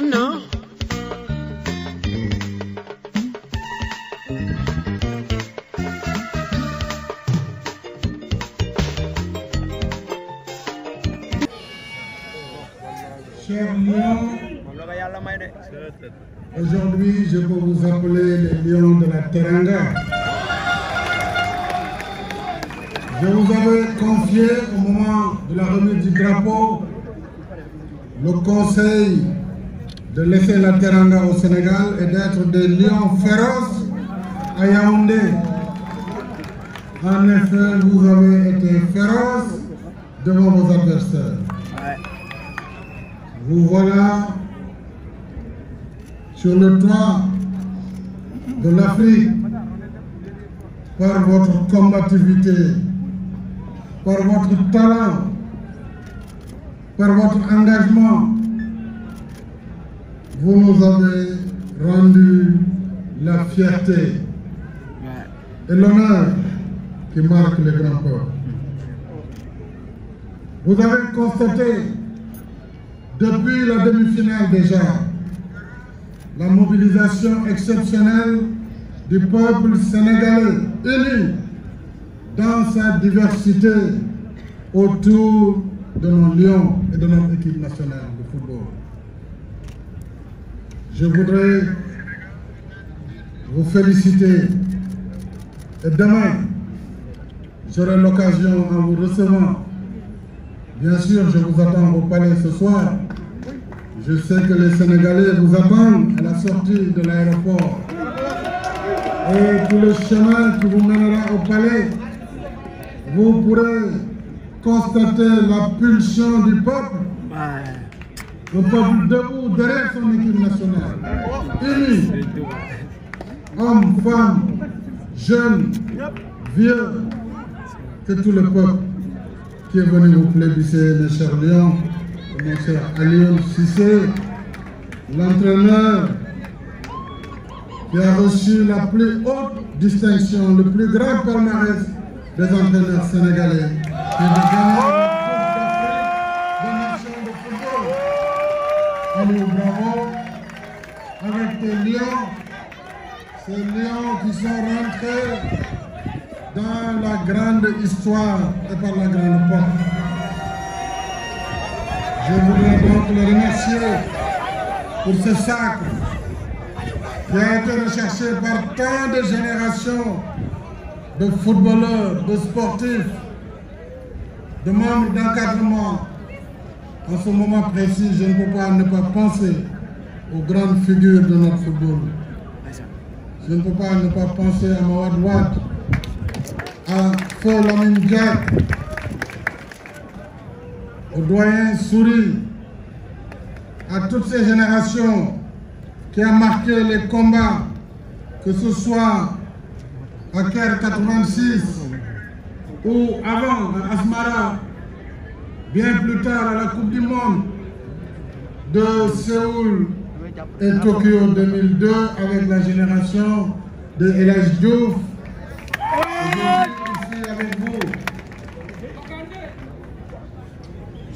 non, Chers aujourd'hui je peux vous appeler les lions de la Teranga. Je vous avais confié au moment de la remise du drapeau le conseil de laisser la Teranga au Sénégal et d'être des lions féroces à Yaoundé. En effet, vous avez été féroces devant vos adversaires. Vous voilà sur le toit de l'Afrique par votre combativité, par votre talent, par votre engagement, vous nous avez rendu la fierté et l'honneur qui marque les grand peuple. Vous avez constaté depuis la demi-finale déjà la mobilisation exceptionnelle du peuple sénégalais uni dans sa diversité autour de nos lions et de notre équipe nationale de football. Je voudrais vous féliciter. Et demain, j'aurai l'occasion en vous recevant. Bien sûr, je vous attends au palais ce soir. Je sais que les Sénégalais vous attendent à la sortie de l'aéroport. Et que le chemin qui vous mènera au palais, vous pourrez constater la pulsion du peuple le peuple debout derrière son équipe nationale, unis, hommes, femmes, jeunes, vieux, c'est tout le peuple qui est venu vous plébisser, mes chers Lions, mon cher Alion Sissé, l'entraîneur qui a reçu la plus haute distinction, le plus grand palmarès des entraîneurs sénégalais. Bravo, Avec tes lions, ces lions qui sont rentrés dans la grande histoire et par la grande porte. Je voudrais donc le remercier pour ce sac qui a été recherché par tant de générations de footballeurs, de sportifs, de membres d'encadrement, en ce moment précis, je ne peux pas ne pas penser aux grandes figures de notre football. Je ne peux pas ne pas penser à Mawad Wat, à Folamin au doyen Souri, à toutes ces générations qui ont marqué les combats, que ce soit à Caire 86 ou avant Asmara bien plus tard à la Coupe du Monde de Séoul et Tokyo 2002 avec la génération de Je Diouf. avec vous,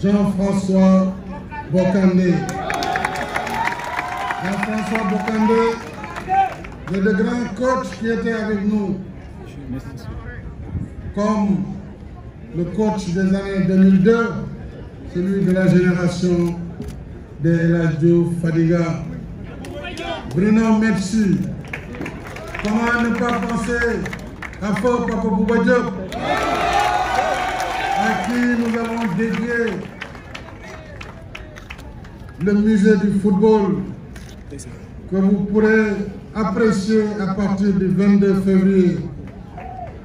Jean-François Bocandé. Jean-François Bocandé, le y qui était avec nous, comme le coach des années 2002, celui de la génération de Eladio Fadiga. Bruno, merci. Comment ne pas penser à Fort Papa à qui nous avons dédié le musée du football que vous pourrez apprécier à partir du 22 février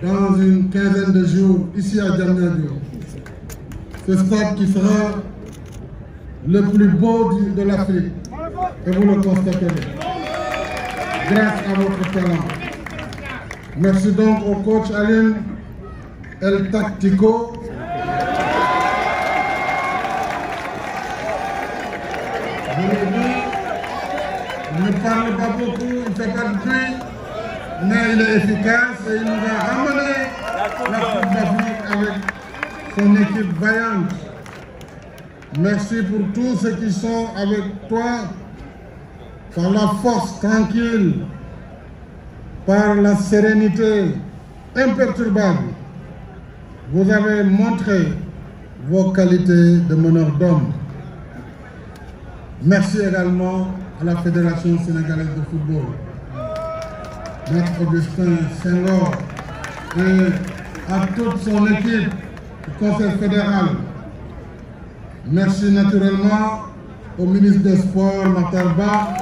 dans une quinzaine de jours ici à Djamnadio ce stade qui sera le plus beau de l'Afrique. Et vous le constaterez. Grâce à votre talent. Merci donc au coach Aline El Tactico. Je il ne parle pas beaucoup, il ne fait pas de bruit, mais il est efficace et il nous a ramené la Coupe d'Afrique avec ton équipe vaillante. Merci pour tous ceux qui sont avec toi par la force tranquille, par la sérénité imperturbable. Vous avez montré vos qualités de meneur d'homme. Merci également à la Fédération sénégalaise de football, Maître Augustin Senghor et à toute son équipe Conseil fédéral. Merci naturellement au ministre des Sports, Matarba,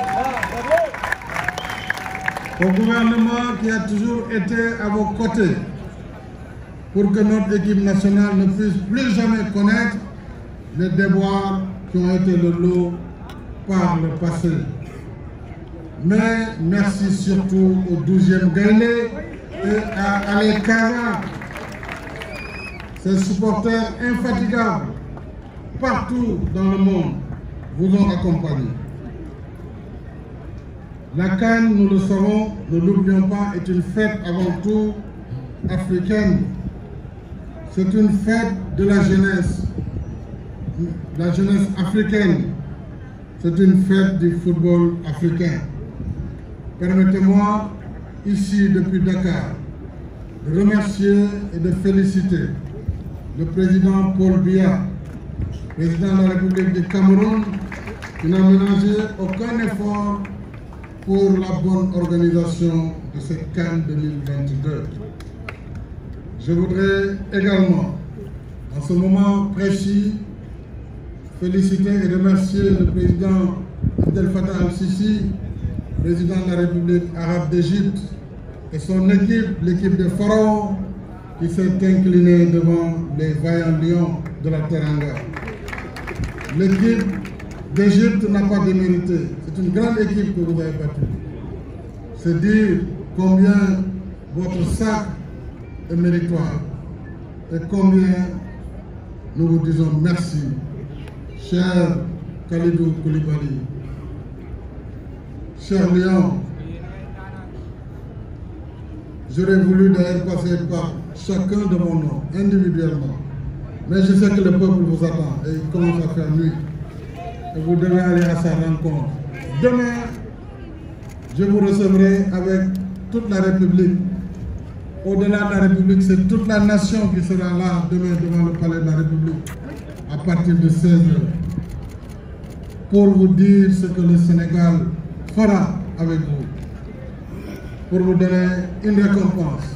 au gouvernement qui a toujours été à vos côtés pour que notre équipe nationale ne puisse plus jamais connaître les déboires qui ont été le lot par le passé. Mais merci surtout au 12e dernier et à Alekara ces supporters infatigables partout dans le monde vous ont accompagné. La Cannes, nous le savons, ne l'oublions pas, est une fête avant tout africaine. C'est une fête de la jeunesse, la jeunesse africaine. C'est une fête du football africain. Permettez-moi, ici depuis Dakar, de remercier et de féliciter le président Paul Biya, président de la République du Cameroun, qui n'a mélangé aucun effort pour la bonne organisation de cette CAN 2022. Je voudrais également, en ce moment précis, féliciter et remercier le président Abdel Fattah al-Sisi, président de la République arabe d'Égypte, et son équipe, l'équipe de Pharaon, qui s'est incliné devant les vaillants lions de la Teranga. L'équipe d'Égypte n'a pas de mérité. C'est une grande équipe que vous avez battue. C'est dire combien votre sac est méritoire et combien nous vous disons merci, cher Khalidou Koulibaly, cher lion, J'aurais voulu d'ailleurs passer par chacun de mon nom, individuellement. Mais je sais que le peuple vous attend et il commence à faire nuit. Et vous devez aller à sa rencontre. Demain, je vous recevrai avec toute la République. Au-delà de la République, c'est toute la nation qui sera là demain devant le palais de la République à partir de 16h pour vous dire ce que le Sénégal fera avec vous, pour vous donner une récompense.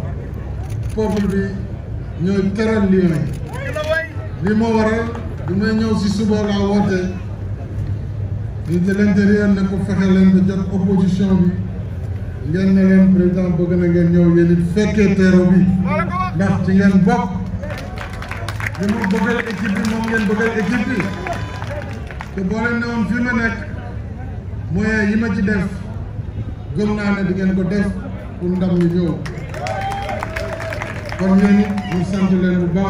peuple bi ñooy teral Lions yi li moo waral bi may ñëw si suba laa woote di de l'intérieur ne ko fexe leen ba jot opposition bi ngeen ne leen président bëgg na ngeen ñëw yéen it fekkee teeru bi ndax ci ngeen bokk li mu bëggal équipe bi moom ngeen bëggal équipe bi te boo leen ne woon ma nekk moyen yi ci def gëm naa ne di ngeen ko def pour ndam ñu ñëw kon ñooñu ñu sant leen bu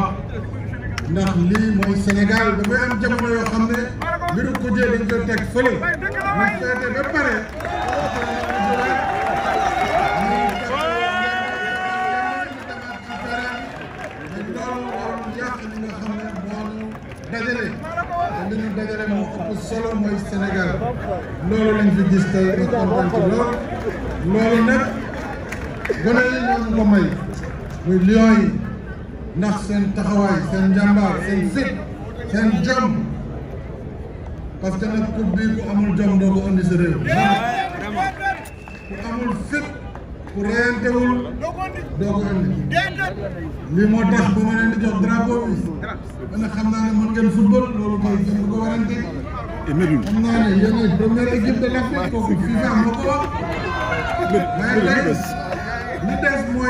muy lion yi ndax seen taxawaay seen njàmbaar seen fit seen jom parce que nag coupe bi ku amul jom doo ko andi sa réew ku amul fit ku reyantewul doo ko andi lii moo tax ba ma leen di jox drapeau bi dana xam naa ne mën ngeen football loolu mooy jëm ko warante xam naa ne yéen première équipe de l'Afrique kooku FIFA moo ko wax mais tey li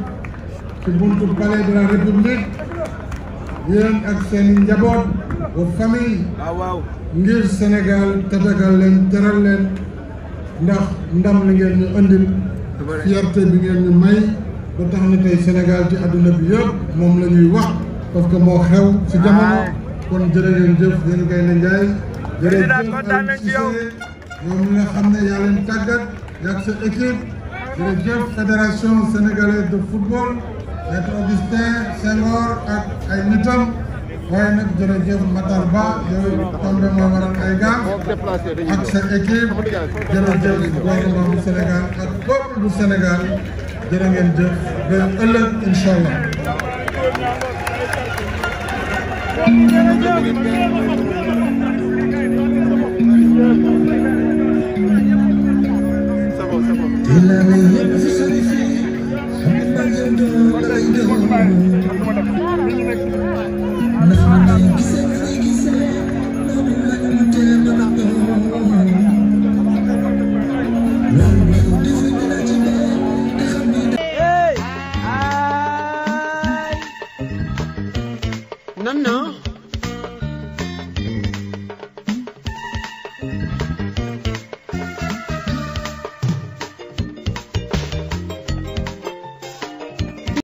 Ubuntu Palais de la République yéen ak seen i wa famille ngir Sénégal tatagal len teral len ndax ndam li ngeen ñu andil fierté bi ngeen ñu may ba tax na tey Sénégal ci àdduna bi yëpp moom la ñuy wax parce que moo xew ci jamono kon jërë ngeen jëf yéen Gaynde Njaay jërëjëf Aliou Cissé yow mi nga xam ne leen tàggat yaa sa équipe jërëjëf fédération sénégalaise de football Maître Augustin Senghor ak ay nitam waaye nag jërëjëf Matar Ba yooyu tombé moo waral ay gaam ak sa équipe jërëjëf gouvernement bu Sénégal ak peuple bu Sénégal jërë ngeen jëf ba ëllëg incha allah. C'est bon, c'est bon. Come you come on, come on.